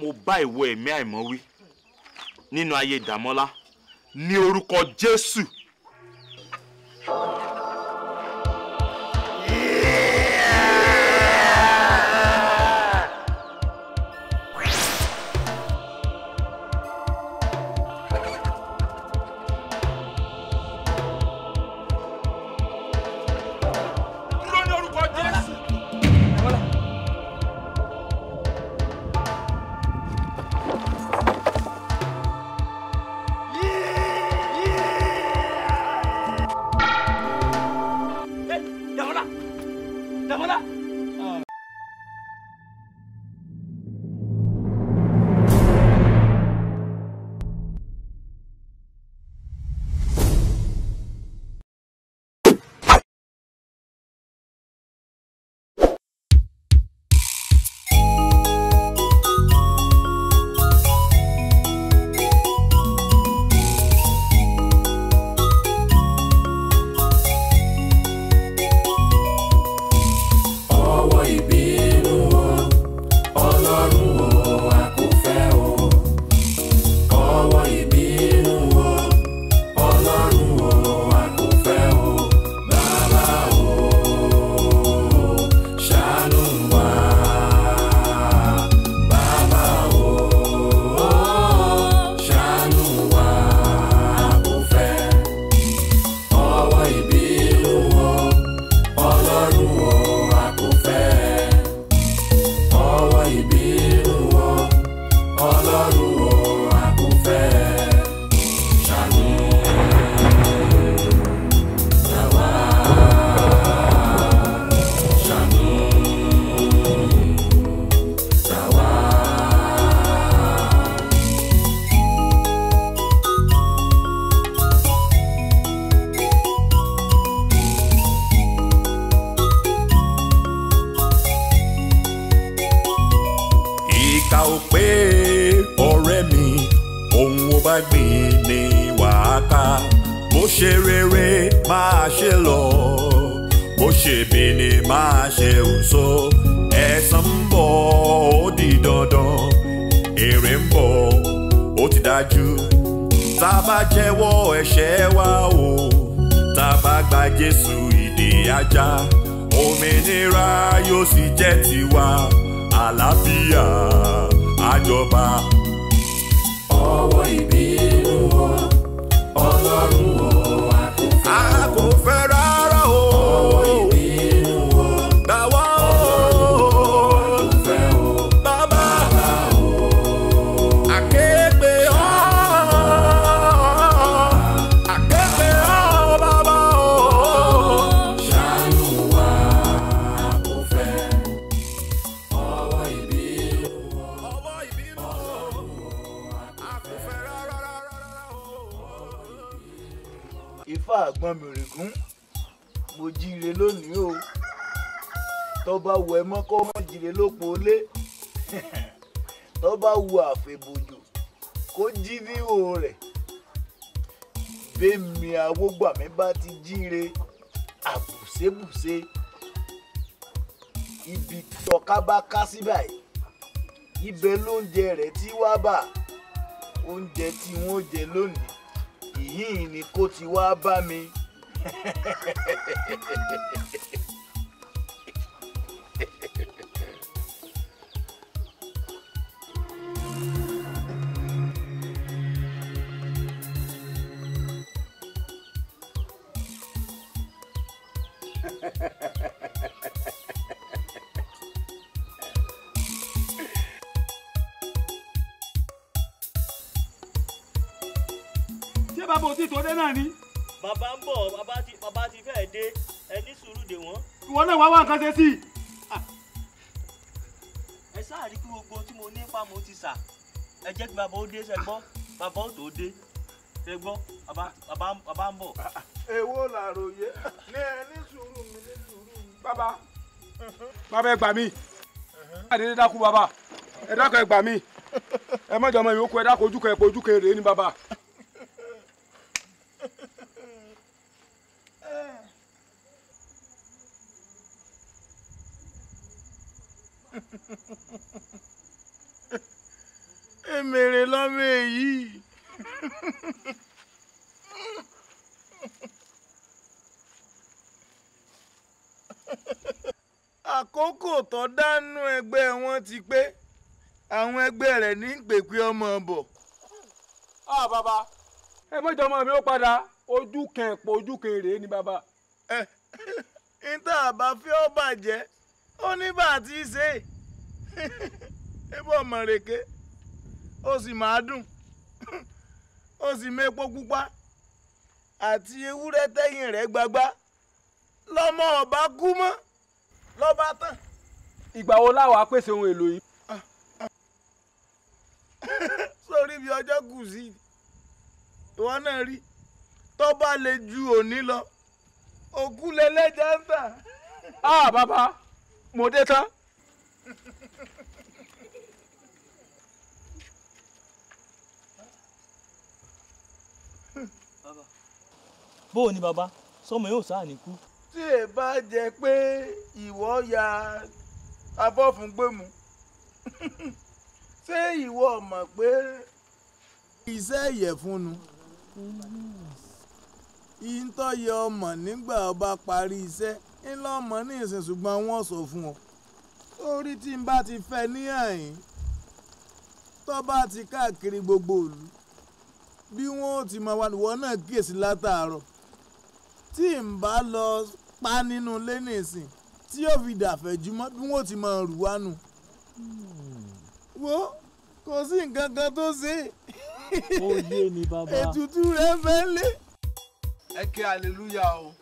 mo bá ìwọ ẹ̀mí àìmọ́ wí nínú ayé Dàmọ́lá ní orúkọ Jésù. Oh. olúwa mi bá ti jíire àbùsébùsé ibi tọ́ka bá ká sí báyìí ibẹ̀ lóúnjẹ rẹ̀ tí wá bà oúnjẹ tí wọ́n jẹ lónìí ìyìn ni kó ti wá bá mi. ṣé bàbá ò tí tó dé náà ni. bàbá ń bọ̀ bàbá ti bàbá ti fẹ́ẹ̀ dé ẹ ní sùúrù dè wọ́n. ìwọ náà wá wá nǹkan ṣe sí i. Ah. ẹ sáà rí kí gbogbo tí mo ní pa mo ti sà ẹ jẹ́ kí bàbá ó dé ṣe gbọ́ bàbá ó tó dé ṣe gbọ́ bàbá ń bọ̀. Ah, ah. èwo làròyé ní ẹ ní sùúrù mi ní sùúrù mi. bàbá mhm. bàbá ẹ gbà mí àdédé mhm. dákú bàbá ẹ dákú ẹ gbà mí ẹ mọ̀jọ̀ ọmọ ìyókù ẹ dákú ojúkọ ẹ pọ̀ ojúkọ èrè ní bàbá. tọmọ mi ó padà ojú kan ẹ̀pọ̀ ojú kan èrè ni bàbá. ẹ níta àbá fi ó bàjẹ́ ó ní bá ṣe é bọ́ mọ̀rèké ó sì máa dùn ó sì mépo pupa àti ewúrẹ́ tẹ́yìn rẹ̀ gbagbá lọ́mọ ọba kú mọ́ lọ́ba tán. ìgbà wo láwa pèsè ohun èlò yìí. sórí bí ọjọ́ kù sí i ìwọ náà rí tó bá lè ju òní lọ òkú lẹlẹjà ń tà. a ah, bàbá mo dé tán. bó o bàbá sọmọ yóò sáà ní kú. tí ẹ bá jẹ pé ìwọ ya abọ́fúngbẹ́mu ṣé ìwọ mọ̀ pé iṣẹ́ ìyẹ̀fun nu ìtọ́ yẹ ọmọ nígbà ọba parí iṣẹ́ ńlá ọmọ ní ìsìn ṣùgbọ́n wọ́n sọ fún ọ orí tí n bá ti fẹ́ ní àyín tó bá ti káàkiri gbogbo ìlú bí wọ́n ó ti máa wà lùwọ́ náà kíyèsí látàárọ̀ tí n bá lọ pa nínú ilé nìsín tí yóò fi dàfẹ́ jùmọ́ bí wọ́n ti máa rù wánu wo kò sí nǹkan kan tó ṣe é ó yé mi bàbá. ètùtù rẹ fẹ́ lé. ẹ kí aleluya o.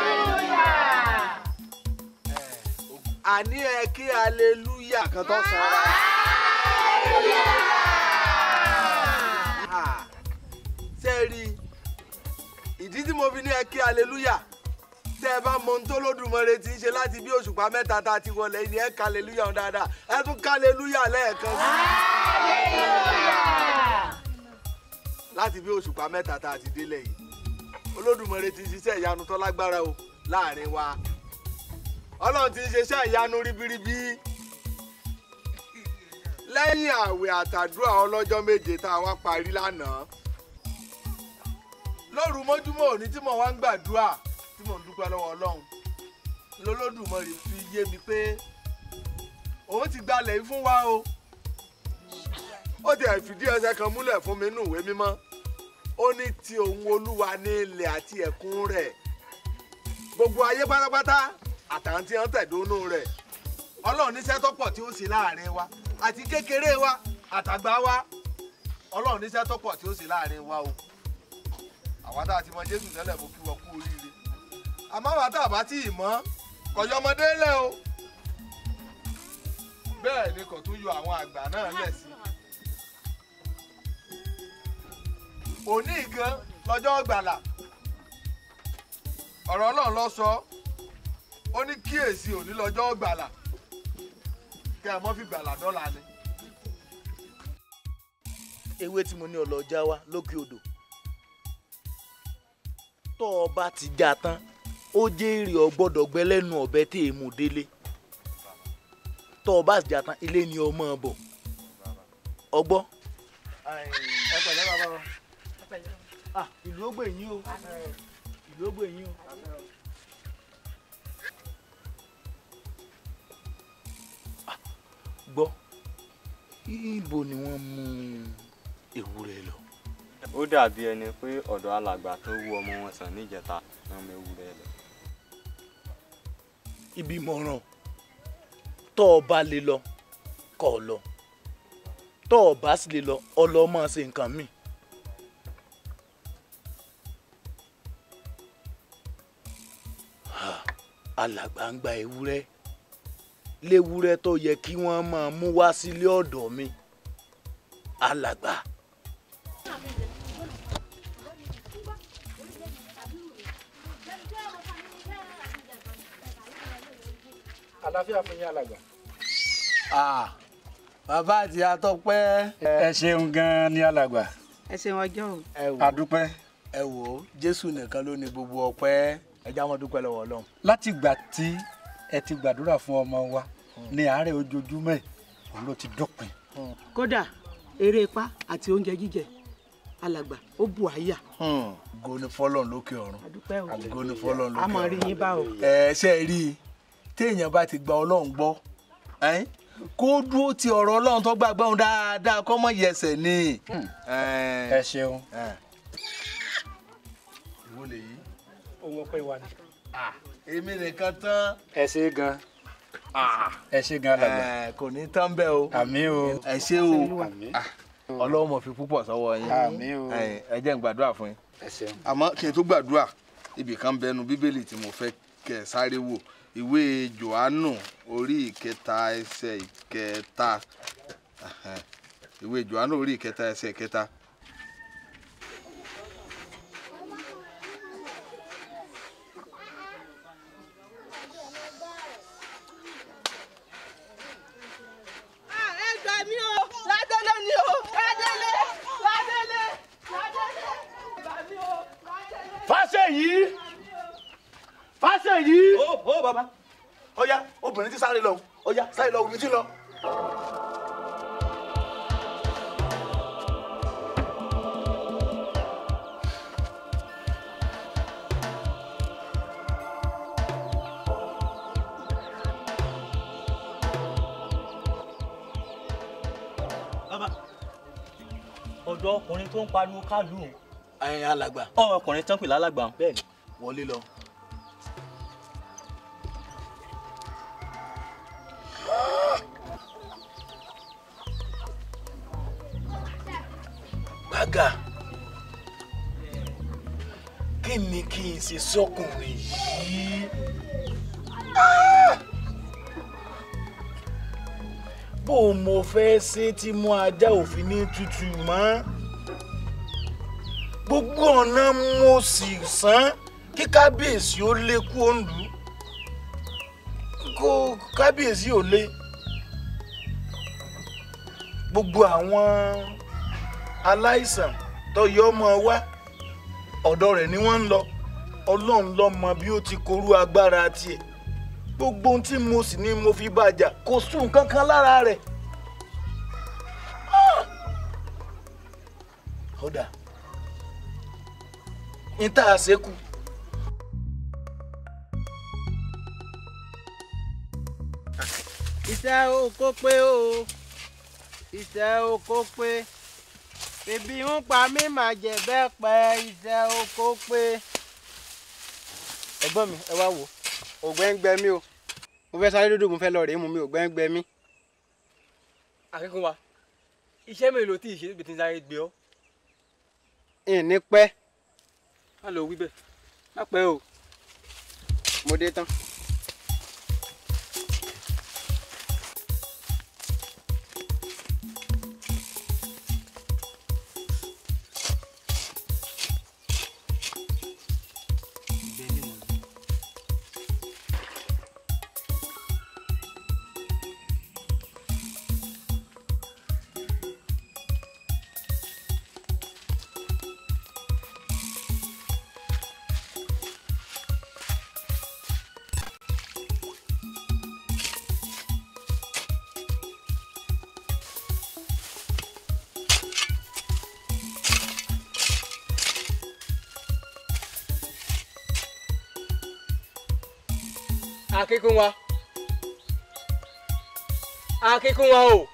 aleluya. Eh, àní ẹ kí aleluya kan tó sara. aleluya. Ah. ṣé ẹ rí ìdí tí mo fi ní ẹ kí aleluya tẹ ẹ bá mọ ohun tó lódùmarè ti ń ṣe láti bí òṣùpá mẹ́ta tá a ti wọlé ni ẹ kàlélúyà ọ̀hún dáadáa ẹ tún kàlélúyà lẹ́ẹ̀kan sí. hallelujah láti bí òṣùpá mẹ́ta tá a ti délẹ̀ yìí olódùmarè ti ṣiṣẹ́ ìyanu tó lágbára o láàrin wa ọlọ́run ti ṣiṣẹ́ ìyanu ribiribi lẹ́yìn àwẹ̀ àtàdúrà ọlọ́jọ́ méje tá a wá parí lánàá lóru mọ́júmọ́ òní tí mo wá ń gbàdúrà tí mo ń dúpẹ́ lọ́wọ́ ọlọ́run lọ́lọ́dùmarè fi yé mi pé òun ti gbalẹ̀ yìí fún wa o ó ti ẹ̀ fìdí ẹsẹ̀ kan múlẹ̀ fún mi nínú ìwé mímọ́ ó ní ti òun olúwa ní ilẹ̀ àti ẹ̀kún rẹ̀ gbogbo ayé pátápátá àtàǹtí tí tẹ̀dónú rẹ̀ ọlọ́run níṣẹ́ tí ó sì láàrin wa àti kékeré wa àtàgbà wa ọlọ́run níṣẹ́ tó tí ó wa o àwa tá jésù tẹ́lẹ̀ mo kí wọ́n kú oríire àmọ́ àwa lẹ́ o bẹ́ẹ̀ ni yọ àwọn àgbà náà lẹ̀ sí òní gan lọ́jọ́ gbàlà ọ̀rọ̀ náà lọ sọ ó ní kíyèsí òní lọ́jọ́ gbàlà kí a mọ́ fi gbàlà dọ́là ni. ewé tí mo ní ọlọ́jà wa lókè odò tó o bá ti já tán ó jẹ́ èrè ọ gbọ́dọ̀ gbẹ́ lẹ́nu ọ̀bẹ tí èèmù délé tó o bá ti já tán ilé ni ọmọ bọ̀ ọgbọ́n. Ah, ìlú ó gbè yín o ìlú ó gbè yín o. Ah, gbọ́ ibo ni wọ́n mú ewúrẹ́ lọ. ó dàbí ẹni pé ọ̀dọ̀ alàgbà tó wú ọmọ wọn sàn níjẹta náà mú ewúrẹ́ lọ. ibi mọ̀ràn tọ́ ọ bá lè lọ kọ́ ọ lọ tọ́ ọ bá sì lè lọ ọ lọ́ọ́ máa ṣe nǹkan míì. alàgbà ń gba ewúrẹ́ léwúrẹ́ tó yẹ kí wọ́n máa mú wá sílé ọ̀dọ̀ mi alàgbà. àlàáfíà fún yín alàgbà. bàbá àti atọ́pẹ́ ẹ ṣeun gan-an ní alàgbà. ẹ ṣeun ọjọ́ o. a dúpẹ́. ẹ wò ó jésù nìkan ló ní gbogbo ọpẹ́ ẹ já wọn dúpẹ́ lọ́wọ́ Ọlọ́run. láti ìgbà tí ẹ ti gbàdúrà fún ọmọ wa hmm. ní àárẹ̀ ojoojúmọ́ ẹ̀ òun ló ti dópin. Hmm. kódà eré ipá àti oúnjẹ jíjẹ alàgbà ó bu àyà. ògo hmm. ni fọ́lọ́run lókè ọ̀run ògo ni fọ́lọ́run lókè ọ̀run. a mọ̀ rí yín bá o. ẹ ṣe rí i téèyàn bá ti gba Ọlọ́run gbọ́ kó dúró ti ọ̀rọ̀ Ọlọ́run tó gbàgbọ́ dáadáa kọ́mọ yẹsẹ̀ ni. ẹ ṣeun. ohun ọpẹ́ wa ni. èmi nìkan tán. ẹ ṣe gan ah. ẹ ṣe gan lọgbà. Eh, kò ní tán bẹ́ẹ̀ o. àmín o. ẹ ṣe o ah, ọlọ́run mọ̀ fi púpọ̀ sọ́wọ́ yín àmín o eh, ẹ jẹ́ n gbàdúrà fún yín. àmọ́ kí n tó gbàdúrà ibì kan bẹnu bíbélì tí mo fẹ́ kẹ́ ẹ sáré wò ìwé johannu orí ìkẹta ẹsẹ̀ ìkẹta ìwé johannu orí ìkẹta ẹsẹ̀ ìkẹta bàbá ọ̀yá obìnrin ti sáré lọ ọ̀yá sáré lọ omi ti lọ. ọ̀dọ́ ọkùnrin tó ń pariwo káàlù. ẹyin alàgbà. ọmọkùnrin tán pè lálàgbà. bẹ́ẹ̀ni wọlé lọ. ṣe sọkùnrin yìí. bó o mo fẹ́ ṣe tí mú ajá òfin ní tútù mọ́ gbogbo ọ̀nà mo sì sán kí kábíyèsí ó lé kú òǹdú kó kábíyèsí ò lé gbogbo àwọn aláìsàn tó yọ ọmọ wa ọ̀dọ̀ rẹ̀ ni wọ́n ń lọ ọlọ́run ló mọ bí ó ti korú agbára tiẹ̀ gbogbo ohun tí mo sì ní mo fi bàjà kò sùn nǹkan lára rẹ̀. ọ̀dà ah! ní tá a ṣe kù. iṣẹ́ oko pé o iṣẹ́ oko pé ebi ń pa mí màá bẹ́ẹ̀ pẹ́ iṣẹ́ oko pé ẹ̀gbọ́n mi ẹ wá wò ògbẹ́ ń gbẹ mí o mo fẹ́ sáré dúdú mo fẹ́ lọ rèé mu mi ògbẹ́ ń gbẹ mí. akẹ́kọ̀ọ́ wa iṣẹ́ mélòó tí ìṣèlú bìtì sáré gbé ọ́. ìní pẹ́. má lọ wí bẹ́ẹ̀ má pẹ́ o. mo dé tán. akíkún wa akíkún wa o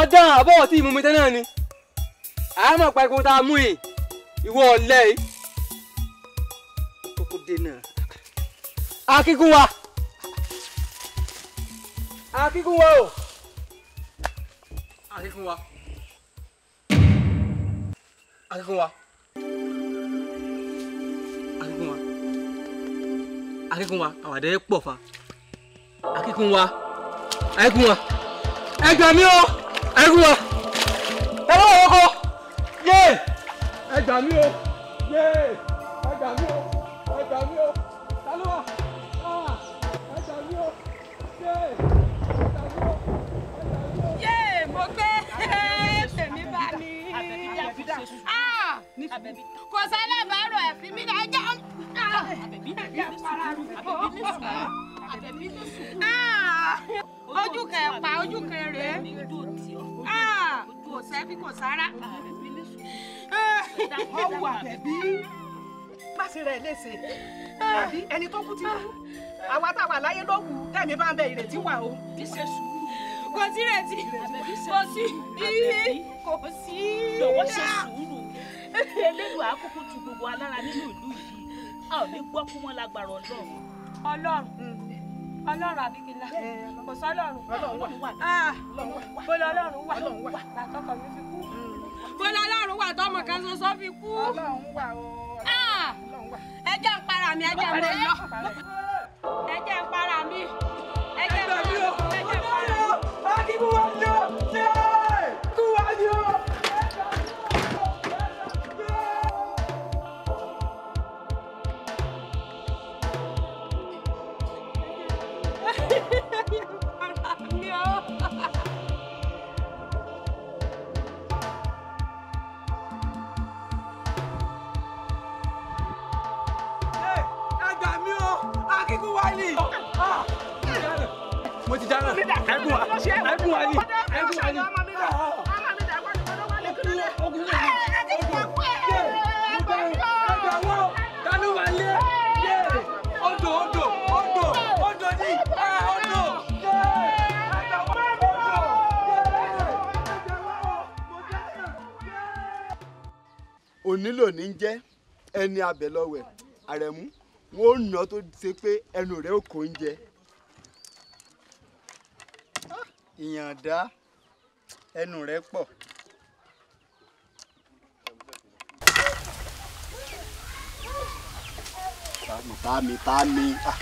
ọ̀dàn àbọ̀wọ̀ tí ìmúmi tẹ́lẹ̀ ni àmọ̀ pa ikú tá a mú yìí ìwọ ọ̀lẹ́ yìí kókó dènà akíkún wa akíkún wa o akíkún wa akíkún wa. akẹ́kùn wa àwàdà ẹ pọ̀ fa akẹ́kùn wa akẹ́kùn wa ẹ gbà mí o akẹ́kùn wa ẹ bá wọ́n kọ́ yé ẹ gbà mí o yé ẹ gbà mí o ẹ gbà mí o kálọ́ wa ẹ gbà mí o yé ẹ gbà mí o ẹ gbà mí o. yé mo gbé tèmi bá mi kò sálẹ̀ bá rọ̀ ẹ̀ fi mí náà jẹun. Ah, ojú kan ẹ̀ pa ojú kan ah, rèé kò sẹ́bí kò sára ọwọ́ àbẹ̀bí má ṣe rẹ̀ léṣe àbí ẹni tó kú ti kú àwa táwa láyé ló wù tẹ̀mí bá ń bẹ ìrètí wà o. kò sí ìrètí kò sí iye kò sí. lọ́wọ́ ṣe sùúrù eléyìí àkókò tu gbogbo alára nínú ìlú yìí a ò ní gbọ́ kú mọ́ lágbára ọlọ́run. ọlọ́run ọlọ́run àbíkílá eh, kò sọ ọlọ́run bọ́lá ah, ọlọ́run wà látọkọ mi fi kú hmm. bọ́lá ọlọ́run wà tọmọ kan ṣoṣo fi kú ah! ẹ jẹ́ ń para mi ẹ jẹ́ ń lọ ẹ jẹ́ ń para mi. bẹ̀ lọ́wọ́ ẹ̀ àrẹ̀mú wọn ò nà tó ṣe pé ẹnu rẹ̀ ò kò ń jẹ. ìyànda ẹnu rẹ̀ pọ̀. tá mi tá mi tá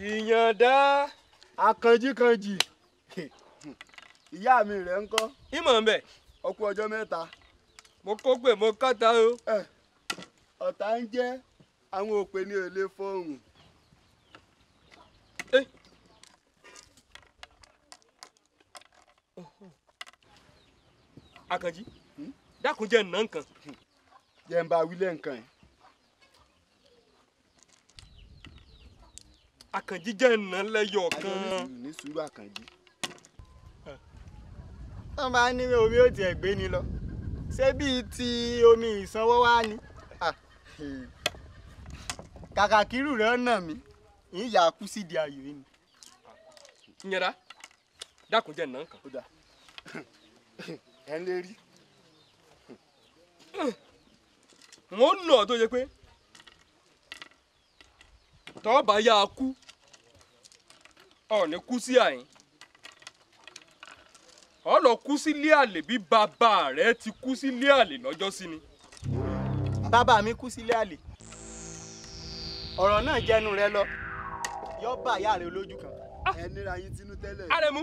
ìyànda akànjíkànjì ìyá mi rẹ̀ ń kọ́. ìmọ̀ ń bẹ̀. ọkụ ọjọ ọjọ́ mẹ́ta. mo o. ọta ń jẹ́ àwọn òpè ní èlé fóònù. Àkànjí hmm? dákun jẹ́ jẹ́ n bá wílẹ̀ nǹkan yẹn. Àkànjí jẹ́ nà lẹ́yọ̀ kan. wọ́n bá ní omi ò ti gbé ni lọ ṣé bíi ti omi ìsanwó wá ni ah, eh. kàkàkírù rẹ̀ nà mí ìyá kú sídìí ayò yìí ni. nyẹ́ra dákun jẹ́ nà ń kàn. ẹ ń lè rí. wọ́n nà ọ́ tó yẹ pé tọ́ọ̀bà yá a kú ọ̀ ní kú sí àyín. ọ lọ kú sílé àlè bí bàbá rẹ ti kú sílé àlè lọ́jọ́ sí ni. bàbá mi kú sílé àlè ọ̀rọ̀ náà jẹnu rẹ lọ yọ bàyà rẹ lójú kan. Ah! ẹ nira yín tinú tẹ́lẹ̀. àrẹ̀mú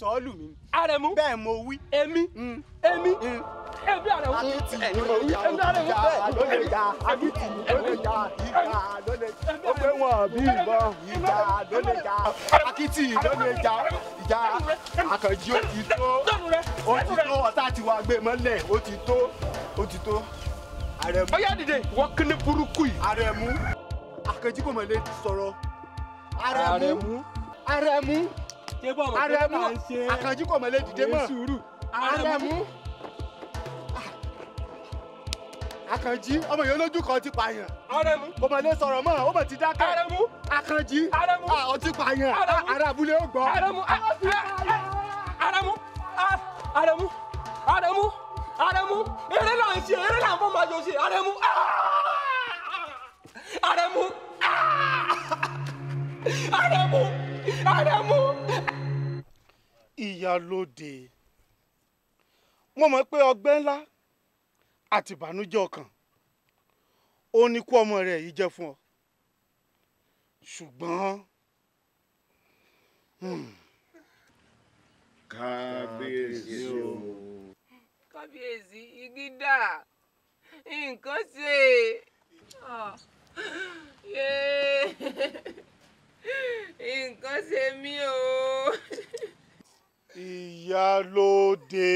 sọ́ọ́lù mi. àrẹ̀mú bẹ́ẹ̀ mo wí. èmi mm. èmi mm. èmi àrẹ̀mú. èmi àrẹ̀mú bẹ́ẹ̀ ló lè ja àbítì ló lè ja ìjà ló lè ó pé wọn bí ìbọn ìjà ló lè ja akitì ló lè ja ìjà àkànjí ó ti tó ó ti tó ọ̀tá ti wá gbé mọ́lẹ̀ ó ti tó ó ti tó àrẹ̀mú. ó dìde wọ́n kí burúkú yìí. àrẹ̀mú àkànjí kò mọ̀ lè sọ̀rọ̀ àrẹ̀mú àrẹ̀mú dìde bọ̀ mọ̀ pé bá ń ṣe àkànjí kò mọ̀ lè dìde mọ̀ sùúrù àrẹ̀mú àkànjí ọmọ yìí olójú kan ti pààyàn àrẹ̀mú kò mọ̀ lè sọ̀rọ̀ mọ́ ó mọ̀ ti dákẹ́ àrẹ̀mú àkànjí àrẹ̀mú ọtí ah, pààyàn ah, ará abúlé ó gbọ́ àrẹ̀mú àrẹ̀mú àrẹ̀mú àrẹ̀mú àrẹ̀mú eré là ń ṣe eré là ń fọ́ màjọ ṣe àrẹ̀mú àrẹ̀mú àrẹ̀mú. Àrẹ̀mú. ìyálóde mo mọ̀ pé ọgbẹ́ ńlá àti ìbànújẹ́ ọkàn ó ní kú ọmọ rẹ̀ yìí jẹ́ fún ọ ṣùgbọ́n. Hmm. kábíyèsí o. kábíyèsí igi dà nǹkan ṣe. Ah. yéé nǹkan ṣe mí o. ìyálóde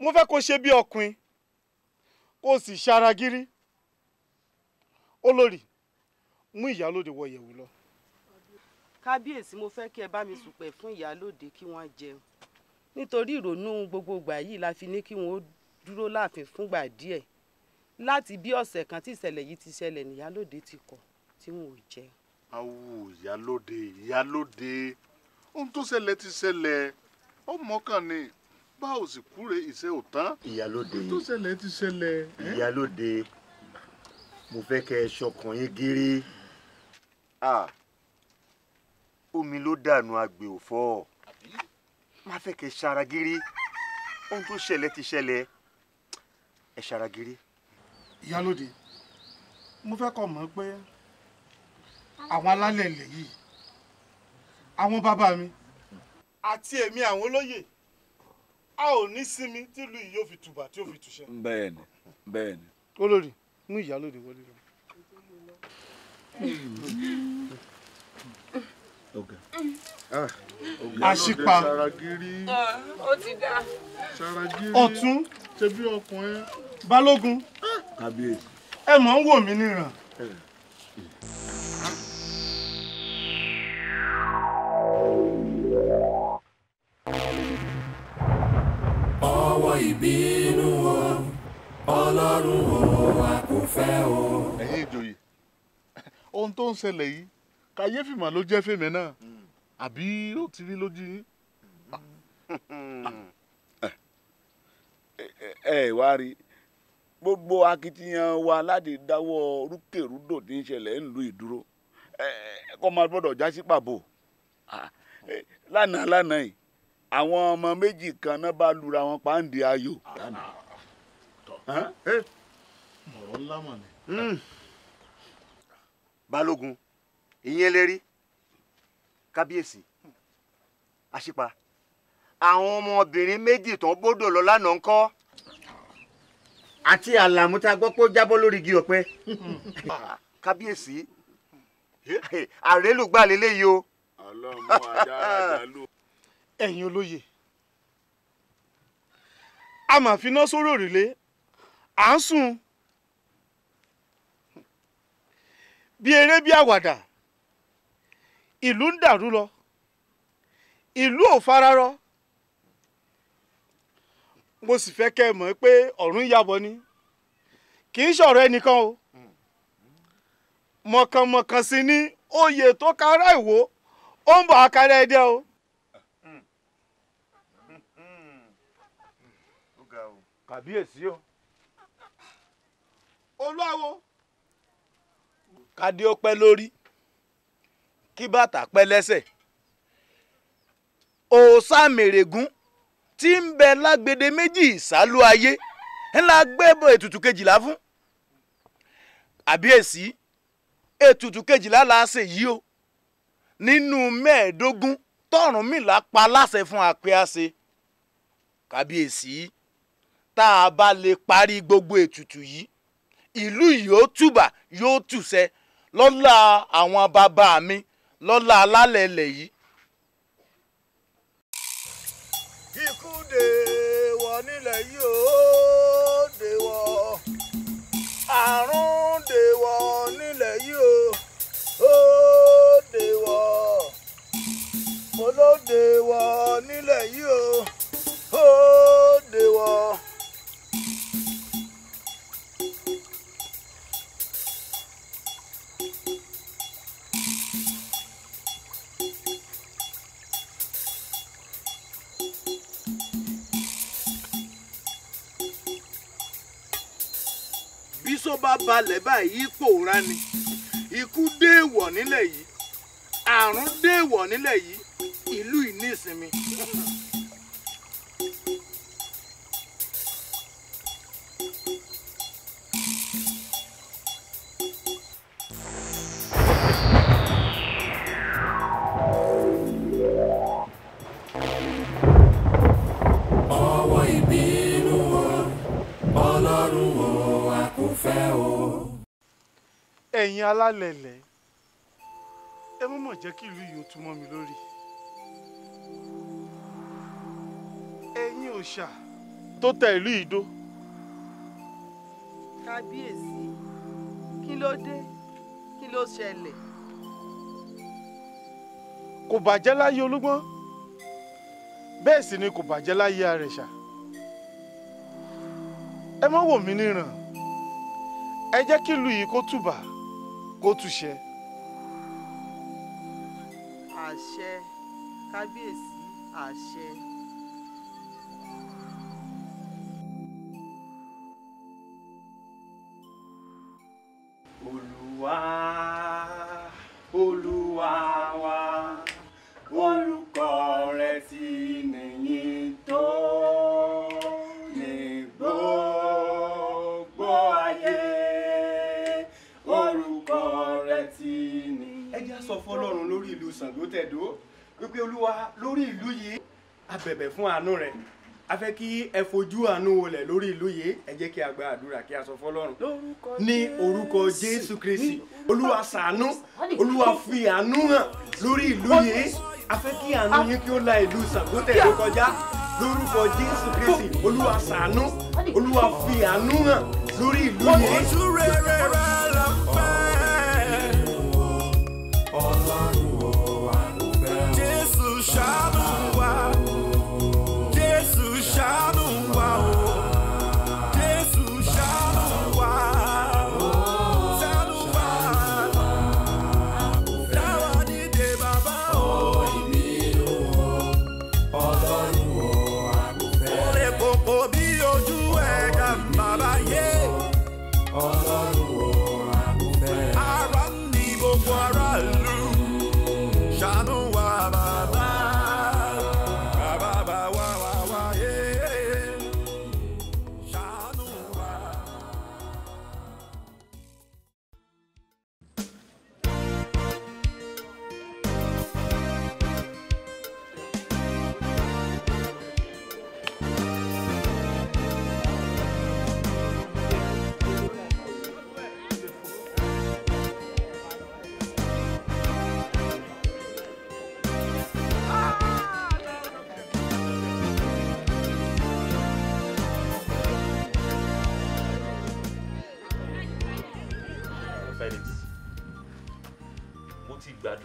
mo fẹ́ kó ṣe bí ọkùnrin kó sì ṣaragírí olórí mú ìyálóde wọ ìyẹ̀wù lọ. kábíyèsí mo fẹ́ kí ẹ bá mi sùpẹ̀ fún ìyálóde kí wọ́n jẹun nítorí ìrònú gbogbogbà yìí la fi ní kí wọn ó dúró láàfin fúngbà díẹ̀ láti bí ọ̀sẹ̀ kan tí ìṣẹ̀lẹ̀ yìí ti ṣẹlẹ̀ níyálòde ti kọ̀ tí wọn ò jẹun awu ìyálóde ìyálóde ohun tó ṣẹlẹ̀ ti ṣẹlẹ̀ ọmọ kan ni bá ò sì kúre ìṣe ò tán. ìyálóde ohun tó ṣẹlẹ̀ ti ṣẹlẹ̀. ìyálóde mo fẹ́ kẹ́ ẹ ṣọkàn yín gírí. omi ló dànù àgbè òfò má fẹ́ kẹ́ ẹ ṣara gírí ohun tó ṣẹlẹ̀ ti ṣẹlẹ̀ ẹ ṣara gírí. ìyálóde mo fẹ́ kọ́ mọ̀ pé àwọn alálẹ̀ ilẹ̀ yìí àwọn bàbá mi àti èmi àwọn olóyè a ò ní sinmi tílu yìí yóò fi tùbà tí yóò fi tùṣẹ. bẹ́ẹ̀ni bẹ́ẹ̀ni. olórí mú ìyá lóde wọlé lọ. àṣìpa ah, ah, ọ̀tún ṣebí ọkùnrin balógun ẹ mọ̀ ń wò mí níran. Eh. ìbínú o ọlọ́run o a kò fẹ́ o. ẹ̀yin ìjòyè ohun tó ń ṣẹlẹ̀ yìí kàyéfì mà ló jẹ́ fèmí náà àbí ó ti rí lójú yín. ẹ ẹ wá rí gbogbo akitiyan wa láti dáwọ́ rúkèrúdò tí ń ṣẹlẹ̀ ń lu ìdúró ẹ kọ́ máa gbọ́dọ̀ já sí lánàá lánàá yìí àwọn ọmọ méjì kan náà bá lura wọn pàǹdì ayò. ọ̀rọ̀ ńlá mọ̀ ni. Hmm. balógun ìyẹn eléri kábíyèsí àṣìpa àwọn ọmọbìnrin méjì tó bódò lọ lánàá ń kọ́ àti àlàmú tá a gbọ́ pé ó jábọ́ lórí igi ọ̀pẹ. kábíyèsí àrélùgbà lélẹ́yìí o. ọlọ́mọ ajá ajá ló. ẹ̀yin olóye a máa fi iná sórí òrùlé à ń sùn bí eré bí àwàdà ìlú ń dàrú lọ ìlú ò fararọ mo sì fẹ́ kẹ́ ẹ mọ̀ pé ọ̀run yabọ̀ ni kì í ṣọ̀rọ̀ ẹnìkan o mọ̀kànmọ̀kàn sí ni oyè tó kára ìwò ó ń bọ̀ àkàrà o. kàbíyèsí o. olúwawo. kádé ó pẹ́ lórí kí bàtà pẹ́ lẹ́sẹ̀ òòṣà mèrègún tí ń bẹ lágbede méjì ìsálú ayé ńlá gbẹ́bọ̀ ètùtù kejìlá fún àbíyèsí ètùtù kejìlá la ṣe yìí o nínú mẹ́ẹ̀ẹ́dógún tọ̀rùnmìlà pa láṣẹ fún apẹ́ àṣẹ kábíyèsí. Si tá a bá lè parí gbogbo ètùtù yìí ìlú yìí ó tùbà yóò tùsẹ lọ́lá àwọn bàbá mi lọ́lá alálẹ̀ ilẹ̀ yìí. ikú dè wọ nílẹ̀ yìí ó dè wọ àrùn dè wọ nílẹ̀ yìí ó dè wọ mo ló dè wọ nílẹ̀ yìí ó dè wọ. tó bá balẹ̀ báyìí pòórá ni ikú déèwọ̀ nílẹ̀ yìí àrùn déèwọ̀ nílẹ̀ yìí ìlú ìní ìsinmi. ẹ̀yin alálẹ̀lẹ̀ ẹ mọ̀ mọ̀ jẹ́ kí ìlú yìí ó tún mọ́ mi lórí ẹ̀yin òòṣà tó tẹ ìlú yìí dó. kábíyèsí kí ló dé kí ló ṣẹlẹ̀. kò bàjẹ́ láyé olúgbọ́n bẹ́ẹ̀ sì ni kò bàjẹ́ láyé àrẹ̀ṣà ẹ má wò mí níran ẹ jẹ́ kí ìlú yìí kó tùbà kó túṣẹ. àṣẹ kábíyèsí àṣẹ. wípé olúwa lórí ìlú yìí a bẹ̀bẹ̀ fún àánú rẹ̀ a fẹ́ kí ẹ fojú àánú wọlẹ̀ lórí ìlú yìí ẹ jẹ́ kí a gba àdúrà kí a sọ fọlọ́run ní orúkọ jésù kristi olúwa ṣàánú olúwa fi àánú hàn lórí ìlú yìí a fẹ́ kí àánú yín kí ó la ìlú sàgótẹ̀ tó kọjá lórúkọ jésù kristi olúwa ṣàánú olúwa fi àánú hàn lórí ìlú yìí.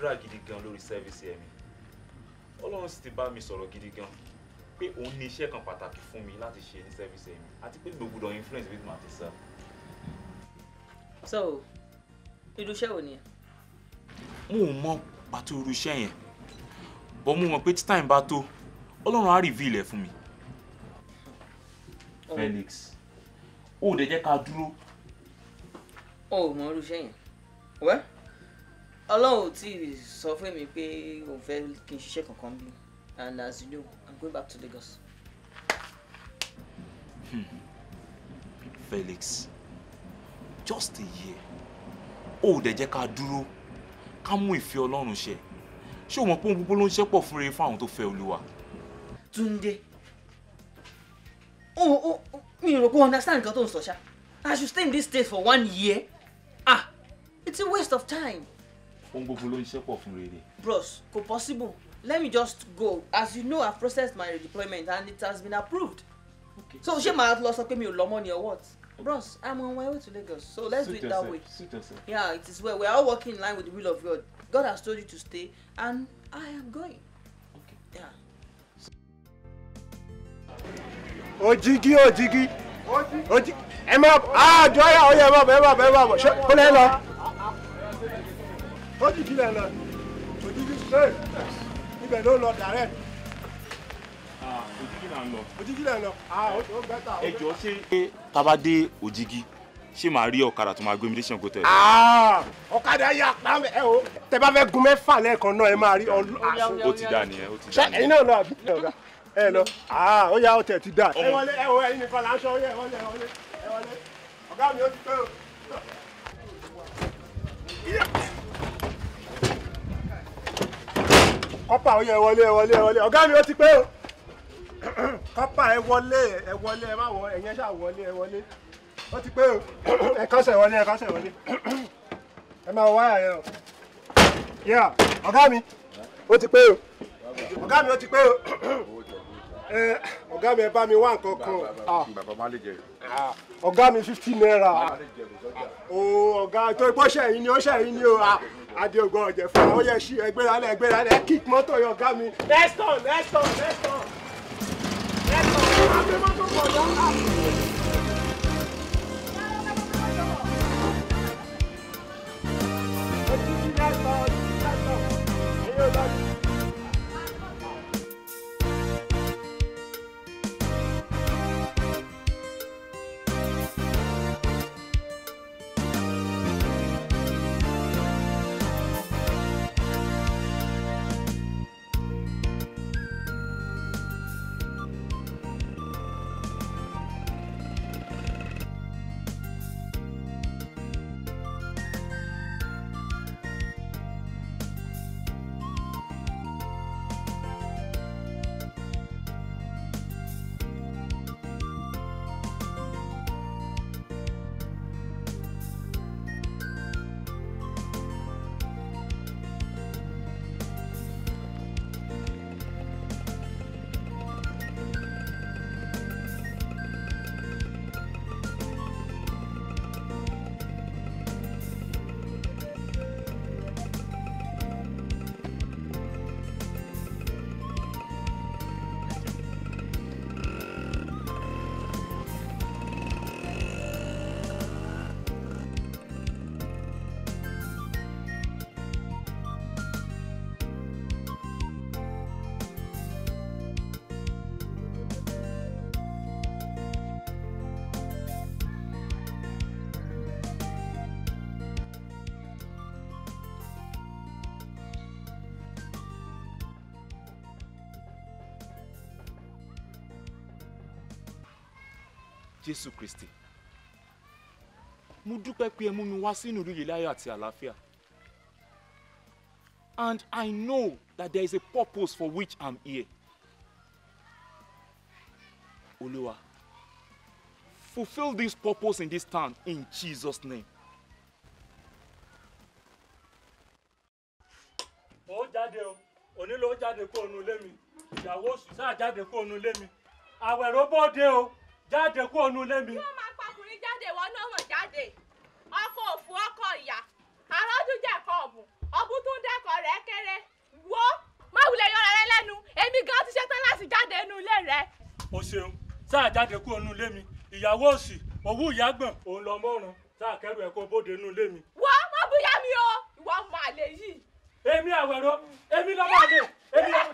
gbàdúrà gidi gan lórí sẹ́fíìsì ẹ̀mí ọlọ́run sì ti bá mi sọ̀rọ̀ gidi gan pé òun ní iṣẹ́ kan pàtàkì fún mi láti ṣe ní sẹ́fíìsì ẹ̀mí àti pé gbogbo dàn influence with my tisa. so irú iṣẹ́ wo ni ẹ. mo ò mọ pàtó irú iṣẹ́ yẹn bọ́ mo mọ̀ pé tí time bá tó ọlọ́run á reveal ẹ̀ fún mi. Oh. Felix ó dẹ̀ jẹ́ ká dúró. o ò mọ irú iṣẹ́ yẹn wẹ́ẹ́ ọlọ́run ò tí ì sọ fún mi pé òun fẹ́ kí n ṣiṣẹ́ kankan bí and as you know i'm going back to Lagos. Hmm. Felix just a year ó ò dẹ̀ jẹ́ ká dúró ká mú ìfẹ́ ọlọ́run ṣe ṣé o mọ̀ pé ohun gbogbo ló ń ṣẹ́pọ̀ fún rere fún àwọn tó fẹ́ olúwa. Túndé o o mi ò rò pé understand nǹkan tó ń sọ ṣá I should stay in this state for one year ah it's a waste of time ohun gbogbo ló ń ṣiṣẹ́ pọ̀ fún rere. bros kò possible let me just go as you know i processed my redeployment and it has been approved okay. so ṣé màá lọ sọ pé mi ò lọ money or what bros i'm on my way to lagos so let's Suit do it yourself. that way Suit yourself. yeah it is well we are all working in line with the will of god god has told you to stay and i am going. Okay. Yeah. ojigi ojigi ojigi ẹ máa bọ ah, àjọyọ̀ ọyọ ẹ máa bọ ẹ máa bọ ẹ máa bọ ṣé kó lọ kójì kílẹ̀ lọ òjijì straight ibẹ̀ ló lọ direct. òjijì là ń lọ. òjijì là o lọ ó bẹ́tà. ẹ jọ ṣé tábà dé òjijì ṣé màá rí ọ̀kadà tó máa gbé mi dé ṣẹ́ńkó tẹ̀. ọ̀kadà yà pa ẹ o tẹ bá fẹ́ gun mẹ́fà lẹ́ẹ̀kan náà ẹ máa rí ọlú. ó ti dà nìyẹn ó ti dà nìyẹn. ṣé ẹ̀yin náà lọ àbí ọ̀gá ẹ lọ ó yà ó tẹ̀ ti dà. ẹ wọlé ẹ wọ ẹ̀yin nìkan là ń sọ ẹ wọlé ẹ wọlé ọ̀gá mi ó ti pẹ́ o. kọ́pà ó yẹ wọlé ẹ wọlé ẹ wọlé ọ̀gá mi ó ti pé o kọ́pà ẹ wọlé ẹ wọlé ẹ má wọ ẹ̀yẹn ṣáà wọlé ẹ wọlé ó ti pé o ẹ kọ́sẹ̀ wọlé ẹ kọ́sẹ̀ wọlé ẹ máa wáyà yẹn o yà ọ̀gá mi ó ti pé o ọ̀gá mi ó ti pé o ẹ ọ̀gá mi ẹ bá mi wá nǹkan kan ọ̀gá mi fifteen naira o ọ̀gá tó ipò ṣẹ̀yìn ni ó ṣẹ̀yìn ni o adéogbon ọ̀jẹ̀fà ó yẹ ṣí ẹgbẹ́ralẹ̀ ẹgbẹ́ralẹ̀ kick mọ́tò yọ̀gá mi. next turn next turn next turn next turn. jésù kristi mo dúpẹ́ pé ẹ mú mi wá sínú ìlú yìí láyọ̀ àti àlàáfíà and I know that there is a purpose for which I'm here olúwa fulfil this purpose in this town in Jesus name. ó jáde o onílò ó jáde kó onú lé mi ìyàwó oṣù sáà jáde kó onú lé mi àwẹ̀rọ bóde o jáde kú ọnu ilé mi. kí wọ́n máa pakùnrin jáde ìwọ náà mọ̀ jáde ọkọ òfu ọkọ ìyá àrọ́dún jẹ̀kọ̀ ọ̀mù ọ̀bùn tó ń dẹ́kọ̀ rẹ̀ kéré wo má wulẹ̀ yọra rẹ lẹ́nu èmi gan ti ṣetán láti jáde inú ilé rẹ. o ṣeun sáà jáde kú ọnu ilé mi ìyàwó òsì òwú ìyàgbọ̀n òun lọ mọ́rùn sáà kẹrù ẹ̀ bóde inú ilé mi. wọ́n má bóyá mi o ìwọ ọmọ àlè yìí. èmi àwẹ̀rọ èmi lọ́mọ àlè èmi lọ́mọ.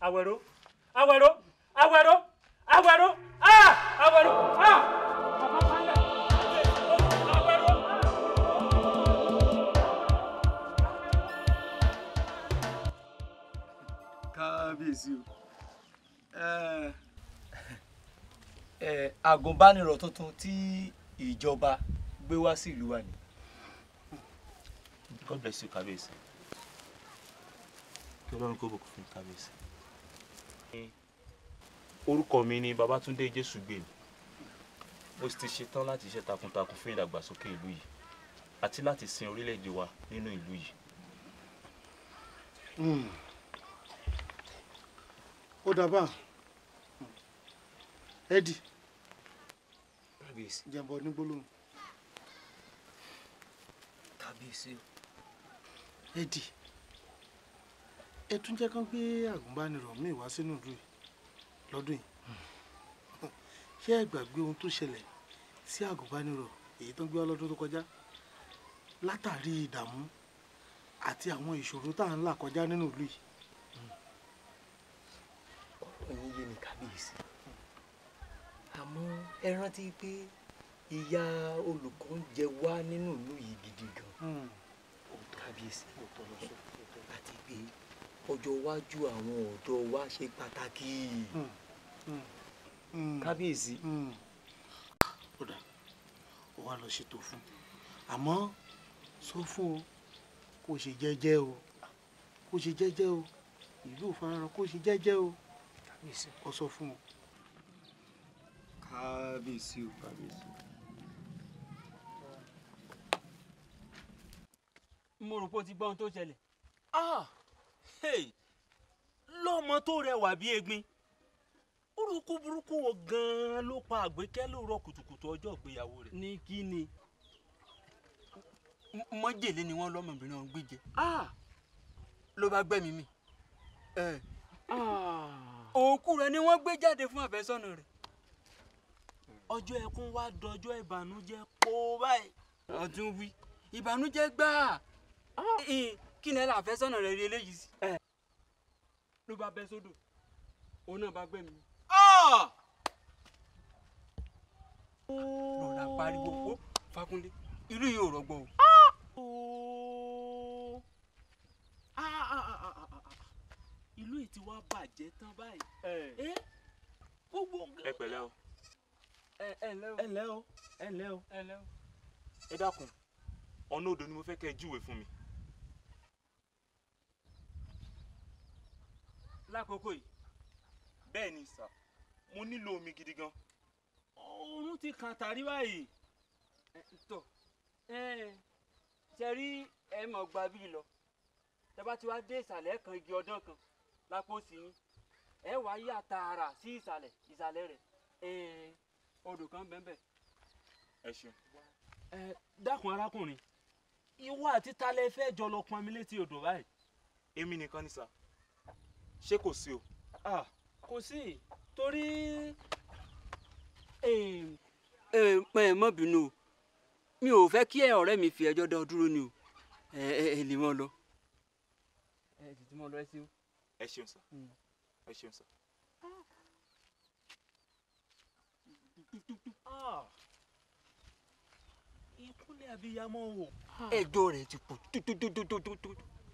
Awero Awero Awero Awero ah Awero ah. kábíyèsí o àgùnbánirọ̀ eh, eh, tuntun tí ìjọba gbé wá sí ìlú wa ni. God bless you kábíyèsí kí ọlọ́run kó bùkún fún kábíyèsí orúkọ mi ni Babátúndé Jésùgbèmí mo sì ti ṣetán láti ṣe takuntakun fún ìdàgbàsókè ìlú yìí àti láti sin orílẹ̀-èdè wa nínú ìlú yìí. Hmm. ó dábàá Eddie kábíyèsí jẹ̀bọ̀ ní gbólóhùn. kábíyèsí o. Eddie ẹ tún jẹ́ kán gbé àgùnbánirọ̀ míì wá sínú ìlú yìí lọ́dún yìí ṣé ẹ gbàgbé ohun tó ṣẹlẹ̀ sí àgùnbánirọ̀ èyí tó ń gbé wá lọ́dún tó kọjá látàrí ìdààmú àti àwọn ìṣòro tá à ń là kọjá nínú ìlú yìí. ọ̀rọ̀ yín yé àmọ́ ẹ rántí pé ìyá olùkọ́ ń jẹ wá nínú ìlú yìí gidi gan hmm. àti pé ọjọ́ iwájú àwọn ọ̀dọ́ wa ṣe pàtàkì. Hmm. Mm. kábíyèsí. Mm. ó dà ó wá lọ ṣètò fún àmọ́ sọ fún o kò ṣe jẹ́jẹ́ o kò ṣe jẹ́jẹ́ o ìlú ìfarahàn kò ṣe jẹ́jẹ́ o kò sọ fún o. kábíyèsí o kábíyèsí o. mo rò pé o ti gbọ́ ohun tó ṣẹlẹ̀. Ah, lọ́mọ tó rẹwà bíi egbin irú ikú burúkú wo gan-an ló pa àgbékẹ́ lóòrọ̀ kùtùkùtù ọjọ́ ìgbéyàwó rẹ̀. ní kí ni mọ́jèlé ni wọ́n lọ́mọbìnrin ọ̀hún gbé jẹ ah! ló bá gbẹ̀mí mi ah! òkú rẹ̀ ni wọ́n gbé jáde fún àfẹ́sọ́nà rẹ̀ ọjọ́ ẹkún wá dọjọ́ ìbànújẹ́ pọ̀ báyìí ọdún wí ìbànújẹ́ gbáà ah! kí ni ẹ láfẹ́sọ́nà rẹ̀ rí eléyìí sí eh. ló bá bẹ́ sódò òun náà bá gbẹ̀mí mi rọra pariwo ó Fakunde irú yìí ò rọgbọ o. Ah, ah, ah, ìlú yìí ti wá bàjẹ́ tán báyìí. gbogbo nǹkan. ẹ pẹ̀lẹ́ o. ẹ ẹ ǹlẹ́ ẹ ẹ ẹ dákun ọ̀nà odò ni mo fẹ́ kẹ́ ẹ júwe fún mi. lákòókò yìí bẹ́ẹ̀ ni sir mo nílò omi gidi gan. oorun ti kàn tàrí báyìí. tó ṣe rí ẹ mọ̀ gba bíi lọ tẹ bá ti wá dé ìsàlẹ̀ kan igi ọdán kan lápò sí yín ẹ wàá yà tààrà sí ìsàlẹ̀ ìsàlẹ̀ rẹ̀ odò kan bẹ́ẹ̀ ẹ ṣeun. ẹ dákun arákùnrin ìwọ àti talẹ fẹ́ jọ lọ pọn mi létí odò báyìí. èmi nìkan ni sà ṣé kò sí o. kò sí torí ẹ má bínú o mi ò fẹ́ kí ẹ ọ̀rẹ́ mi fi ẹjọ́ dá ọ dúró ni o ẹ ẹ lè mọ́ lọ. ẹ tètè mọ́ lọ ẹ ṣeun. ẹ ṣeun sọ hmm. ẹ ṣeun sọ. Ah! ìkúnlẹ̀ abiyamọ o. Ah. ẹjọ́ rẹ̀ ti pọ̀ tótótótótótó.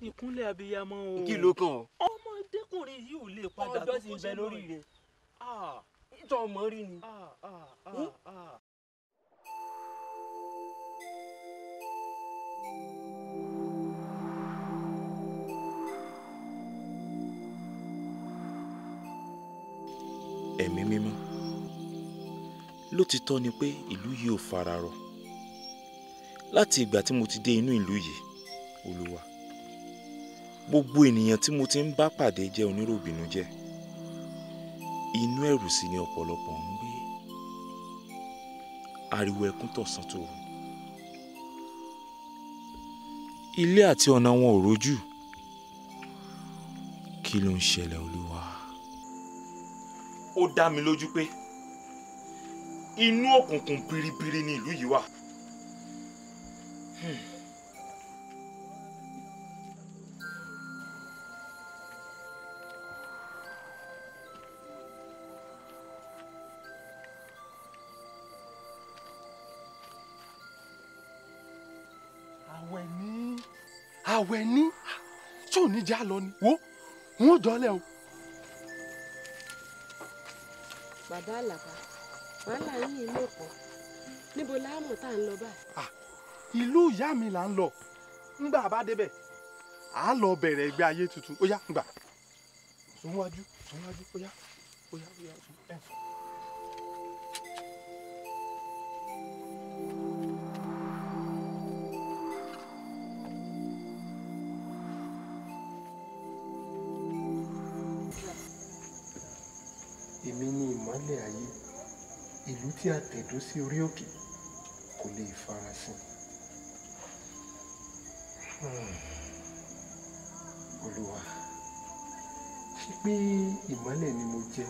ìkúnlẹ̀ abiyamọ o. kí ló kàn ọ́. ọmọdékùnrin yìí ò lè padà tó kó sí lórí rẹ̀. Ah, ìjọ rí ni. Ah, ah, hmm? ẹ̀mí mímọ́ lótìtọ́ ni pé ìlú yìí ò fararọ láti ìgbà tí mo ti dé inú ìlú yìí olúwa gbogbo ènìyàn tí mo ti ń bá pàdé jẹ́ oníròbìnújẹ́. No inú ẹ̀rù sì ni ọ̀pọ̀lọpọ̀ ń gbé ariwo ẹkún tọ̀sán tòru ilé àti ọ̀nà wọn ò rójú kí ló ń ṣẹlẹ̀ olúwa. ó dá mi lójú pé inú òkùnkùn biribiri ni ìlú yìí wà. Hmm. àwẹ̀ ní tí ò ní já lọ ni wo n ó dọ́lẹ̀ o. bàbá àlàbà wàhálà yín ìlú ọ̀pọ̀ níbo láàmú tá à ń lọ báyìí. ìlú ìyá mi là ń lọ ńgbà bá débẹ̀ à á lọ bẹ̀rẹ̀ ẹgbẹ́ ayé tuntun ó yá ńgbà sún wájú ó yá ó yá ó yá ẹ̀ sún. èmi ni ìmọ́lẹ̀ ayé ìlú tí a tẹ̀dó sí orí òkè kò lè farasin. Hmm. olúwa ṣe pé ìmọ́lẹ̀ ni mo jẹ́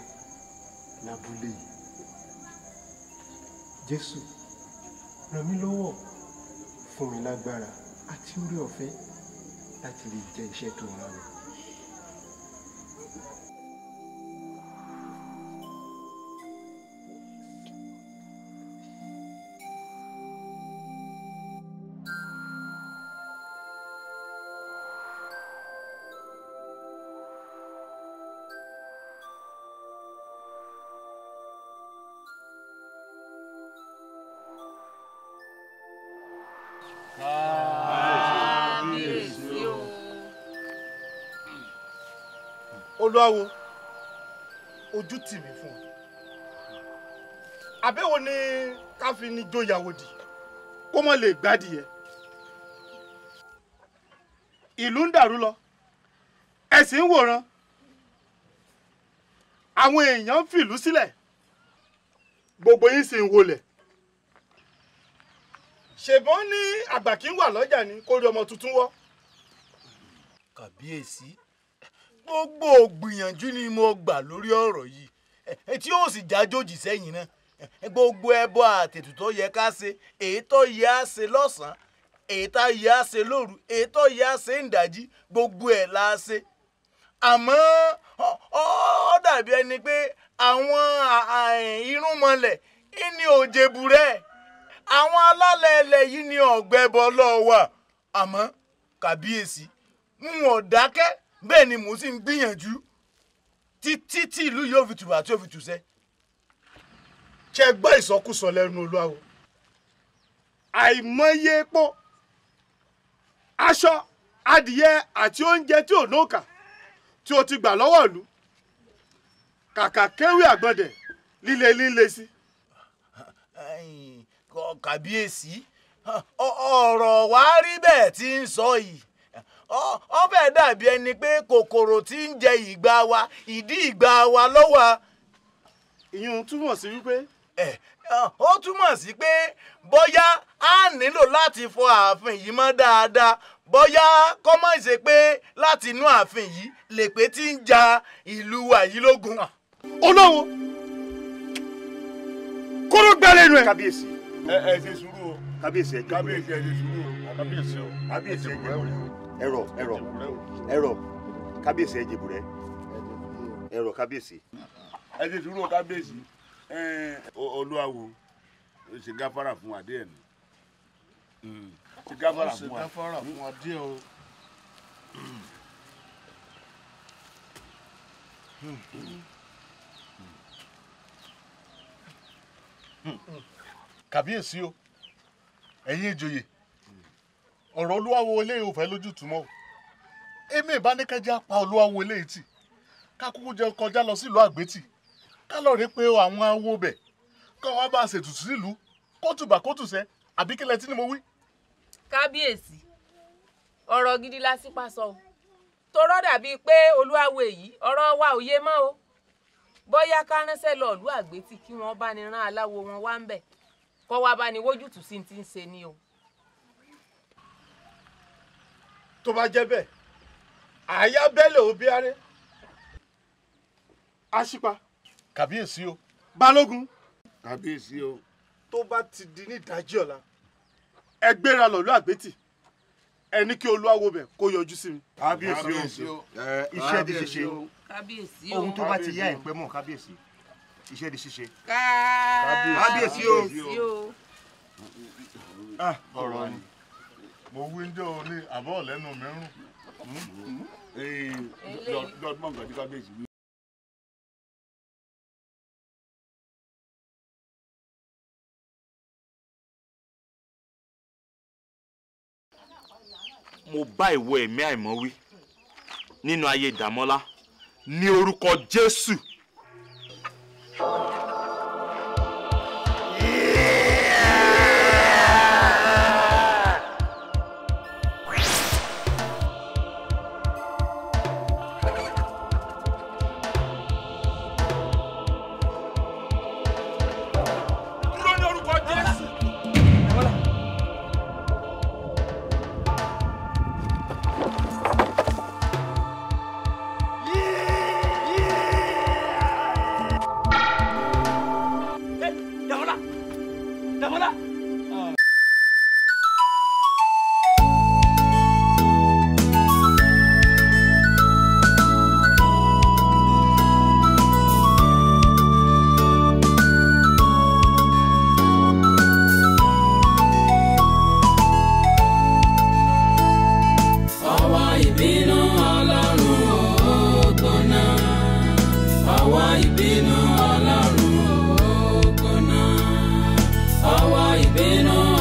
lábúlé yìí jésù ràn mí lọ́wọ́ fún mi lágbára àti oore ọ̀fẹ́ láti lè jẹ́ iṣẹ́ tó ń o ojú tì mí fún ọ àbẹ́wò ni ká fi ní jóyàwó dì kó mọ̀ lè gbádìí ẹ ìlú ń dàrú lọ ẹ̀sìn ń wòran àwọn èèyàn ń fìlú sílẹ̀ gbogbo yín sì ń wọlẹ̀ ṣèbọn ní àgbà kí ń wà lọ́jà ni kó rí ọmọ tuntun wọ́. kàbíyèsí. Si gbogbo gbìyànjú ni mo gbà lórí ọ̀rọ̀ yìí tí yóò sì jájòjì sẹ́yìn náà gbogbo ẹbọ àtètù tó yẹ ká ṣe èyí tó yẹ á ṣe lọ́sàn-án èyí tá yẹ á ṣe lóru èyí tó yẹ á ṣe ń dájí gbogbo ẹ̀ la ṣe àmọ́ ó dàbí ẹni pé àwọn irúnmọlẹ̀ ní òjèbúrẹ́ àwọn alálẹ̀ ẹlẹ̀ yìí ni ọ̀gbẹ́bọ lọ́ọ́ àmọ́ kàbíyèsí n ò dákẹ́ bẹ́ẹ̀ ni mò ń sì ń gbìyànjú títí tí ìlú yóò fi tùbà àti òfin tùsẹ́ ṣe gbọ́ ìsọkúsọ lẹ́nu olúwa àìmọye epo aṣọ adìyẹ àti oúnjẹ tí ò nóòkà tí o ti gbà lọ́wọ́ ìlú kàkà kéwì àgbọ̀dẹ̀ líle líle sí. kàbíyèsí ọ̀rọ̀ wa rí bẹ́ẹ̀ tí ń sọ yìí ó fẹ́ dàbí ẹni pé kòkòrò tí ń jẹ ìgbà wa ìdí ìgbà wa lọ́wọ́. ìyún túmọ̀ sí wípé. ẹ ó túmọ̀ sí pé bóyá a nílò láti fọ ààfin yìí mọ́ dáadáa bóyá kọ́mọ̀ ṣe pé láti inú ààfin yìí lèpè tí ń ja ìlú wa yìí lógun. olówó kóró gbẹ́lẹ́nu ẹ̀. kábíyèsí ẹ ẹ ṣe sùúrù o. kábíyèsí ẹ jókòó kábíyèsí ẹ ṣe sùúrù kábíyèsí o kábíyèsí ẹjẹ bùrẹ ẹrọ ẹrọ ẹrọ kábíyèsí ẹjẹ bùrẹ ẹrọ kábíyèsí. ẹ ti dúró kábíyèsí olúwawo ṣe gáfárà fún wa díẹ̀ ni hmm. ṣe gáfárà fún wa ṣe gáfárà fún wa díẹ̀ o. Hmm. Hmm. kábíyèsí o ẹ̀yin ìjòyè ọ̀rọ̀ olúwawo eléyìí ò fẹ́ lójútùmọ̀ o èmi ìbánikẹ́jẹ́ apá olúwawo eléyìí tì ká kúkú jẹ kọjá lọ sílùú àgbétì ká lọ rí pé àwọn awo bẹ̀ kọ́ wọn bá ṣètùtù sílùú kótùbà kótùsẹ́ àbí kílẹ̀ tí ni mo wí. kábíyèsí ọ̀rọ̀ gidi la sípa sọ o torọ́ dàbí pé olúwawo èyí ọ̀rọ̀ wa ò yé mọ́ o bóyá ká ránṣẹ́ lọ ìlú àgbétì kí wọ́n bá ní rán aláwo wọn wá ń bẹ̀ kọ́ wa bá ní wójútùú sí ti ń ṣe ni o. tó bá jẹ́ bẹ́ẹ̀ àyà bẹ́lẹ̀ obiare aṣípa kàbíyèsí o balógun kàbíyèsí o tó bá ti di ní ìdájí ọ̀la ẹ gbéra lọ̀lú àgbétì kí olúwawo bẹ̀ kó yọjú sí mi. kábíyèsí o iṣẹ́ di ṣíṣe ohun tó bá ti yá ẹ̀ mọ̀ kábíyèsí iṣẹ́ di ṣíṣe kábíyèsí o ah, ọ̀rọ̀ ni mo wí ń jẹ́ òní àbọ̀ lẹ́nu mi rùn. lọ́gbọ́n nǹkan mo bá ìwọ ẹ̀mí àìmọ́ wí nínú ayé Dàmọ́lá ní orúkọ Jésù. Oh. àwa ìbínú Ọlọ́run ògo náà àwa ìbínú.